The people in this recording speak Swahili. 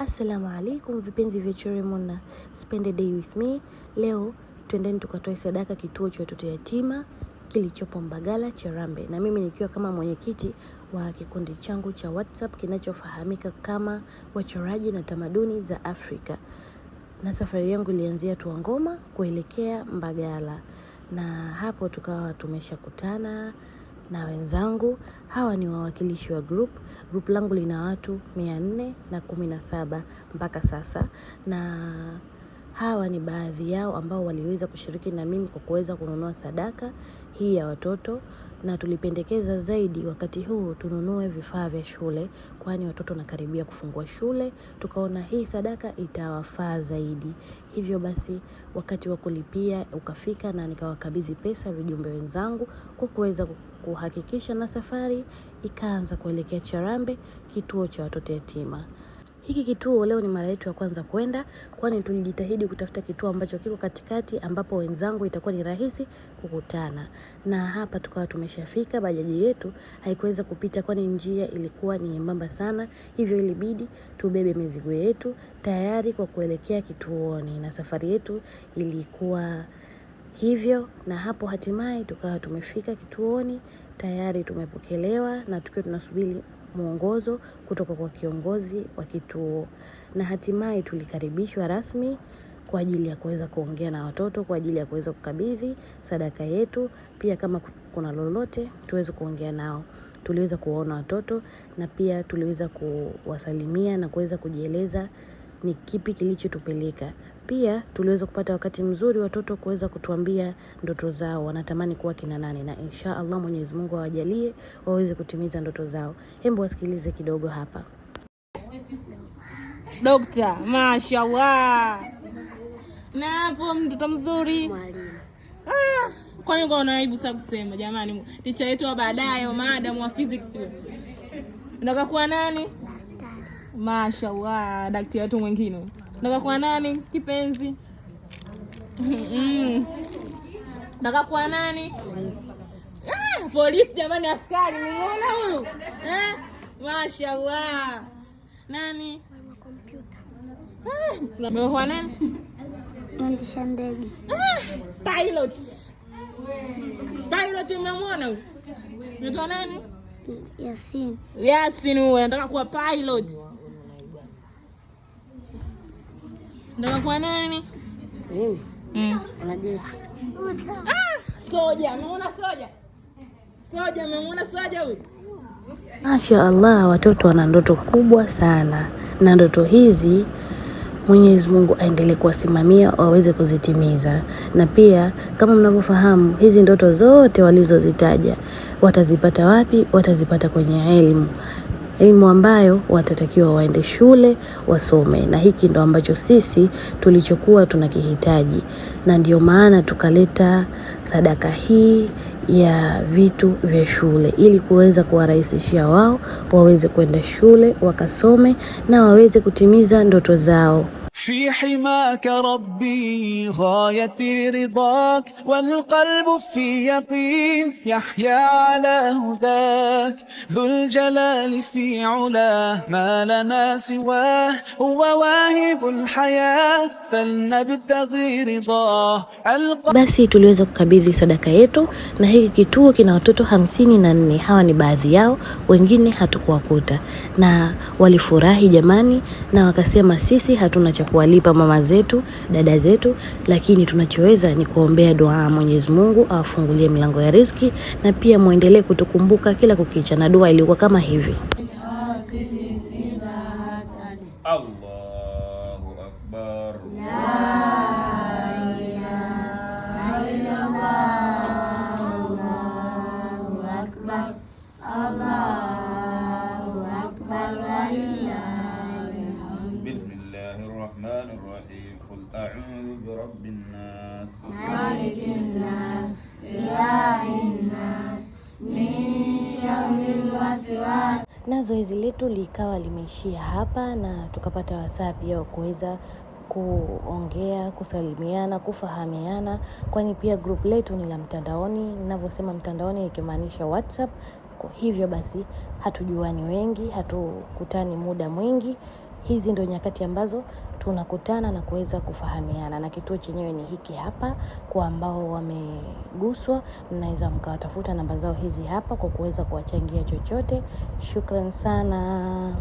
Assalamu alaikum vipenzi vya na spend a day with me. Leo twendeni tukatoe sadaka kituo cha watoto yatima kilichopo Mbagala Cherambe, na mimi nikiwa kama mwenyekiti wa kikundi changu cha WhatsApp kinachofahamika kama wachoraji na tamaduni za Afrika, na safari yangu ilianzia Tuangoma kuelekea Mbagala, na hapo tukawa tumeshakutana na wenzangu. Hawa ni wawakilishi wa group. Group langu lina watu mia nne na kumi na saba mpaka sasa na Hawa ni baadhi yao ambao waliweza kushiriki na mimi kwa kuweza kununua sadaka hii ya watoto, na tulipendekeza zaidi wakati huu tununue vifaa vya shule, kwani watoto wanakaribia kufungua shule. Tukaona hii sadaka itawafaa zaidi. Hivyo basi, wakati wa kulipia ukafika na nikawakabidhi pesa vijumbe wenzangu kwa kuweza kuhakikisha, na safari ikaanza kuelekea Charambe, kituo cha watoto yatima. Hiki kituo leo ni mara yetu ya kwanza kwenda, kwani tulijitahidi kutafuta kituo ambacho kiko katikati, ambapo wenzangu itakuwa ni rahisi kukutana. Na hapa tukawa tumeshafika, bajaji yetu haikuweza kupita, kwani njia ilikuwa ni nyembamba sana, hivyo ilibidi tubebe mizigo yetu tayari kwa kuelekea kituoni, na safari yetu ilikuwa hivyo na hapo hatimaye tukawa tumefika kituoni tayari tumepokelewa na tukiwa tunasubiri mwongozo kutoka kwa kiongozi wa kituo, na hatimaye tulikaribishwa rasmi kwa ajili ya kuweza kuongea na watoto, kwa ajili ya kuweza kukabidhi sadaka yetu, pia kama kuna lolote tuweze kuongea nao. Tuliweza kuwaona watoto na pia tuliweza kuwasalimia na kuweza kujieleza ni kipi kilichotupeleka. Pia tuliweza kupata wakati mzuri watoto kuweza kutuambia ndoto zao, wanatamani kuwa kina nani, na insha Allah Mwenyezi Mungu awajalie waweze kutimiza ndoto zao. Hebu wasikilize kidogo hapa. Dokta, mashallah. Na hapo mtoto mzuri. Mwalimu. Ah, kwani kwa unaibu sasa kusema jamani, ticha yetu wa baadaye wa madam wa physics. Unataka kuwa nani? Daktari. Mashallah, daktari wetu mwingine. Nataka kwa nani kipenzi? Nataka kwa nani? Ah, polisi jamani, askari mmeona huyu eh? Mashallah. Nani? Mwa ah, nani? Mwendesha ndege. Ah, Pilot. Pilot umemwona huyu? Unaitwa nani? Yasin. Yasin huyu anataka kuwa pilot. Ndio nani? Mimi. Mm. Unajua. Ah, soja, umeona soja? Soja, umeona soja huyu? Masha Allah, watoto wana ndoto kubwa sana, na ndoto hizi Mwenyezi Mungu aendelee kuwasimamia waweze kuzitimiza, na pia kama mnavyofahamu hizi ndoto zote walizozitaja watazipata wapi? Watazipata kwenye elimu elimu ambayo watatakiwa waende shule wasome, na hiki ndo ambacho sisi tulichokuwa tunakihitaji, na ndio maana tukaleta sadaka hii ya vitu vya shule ili kuweza kuwarahisishia wao waweze kwenda shule wakasome na waweze kutimiza ndoto zao. في حماك ربي غاية رضاك والقلب في يقين يحيا على هداك ذو الجلال في علاه ما لنا سواه هو واهب الحياة فلنبتغي رضاه Basi tuliweza kukabidhi sadaka yetu, na hiki kituo kina watoto hamsini na nne. Hawa ni baadhi yao, wengine hatukuwakuta, na walifurahi jamani, na wakasema sisi hatuna chakua kuwalipa mama zetu, dada zetu, lakini tunachoweza ni kuombea dua Mwenyezi Mungu awafungulie milango ya riziki, na pia mwendelee kutukumbuka kila kukicha, na dua ilikuwa kama hivi Allahu Akbar. Allahu Akbar. Allahu Akbar. أعوذ برب الناس مالك الناس إله الناس من شر الوسواس na zoezi letu likawa limeishia hapa, na tukapata wasaa pia wa kuweza kuongea, kusalimiana, kufahamiana, kwani pia group letu ni la mtandaoni. Ninavyosema mtandaoni ikimaanisha WhatsApp. Hivyo basi hatujuani wengi, hatukutani muda mwingi. Hizi ndio nyakati ambazo tunakutana na kuweza kufahamiana, na kituo chenyewe ni hiki hapa. Kwa ambao wameguswa, mnaweza mkawatafuta namba zao hizi hapa kwa kuweza kuwachangia chochote. Shukran sana.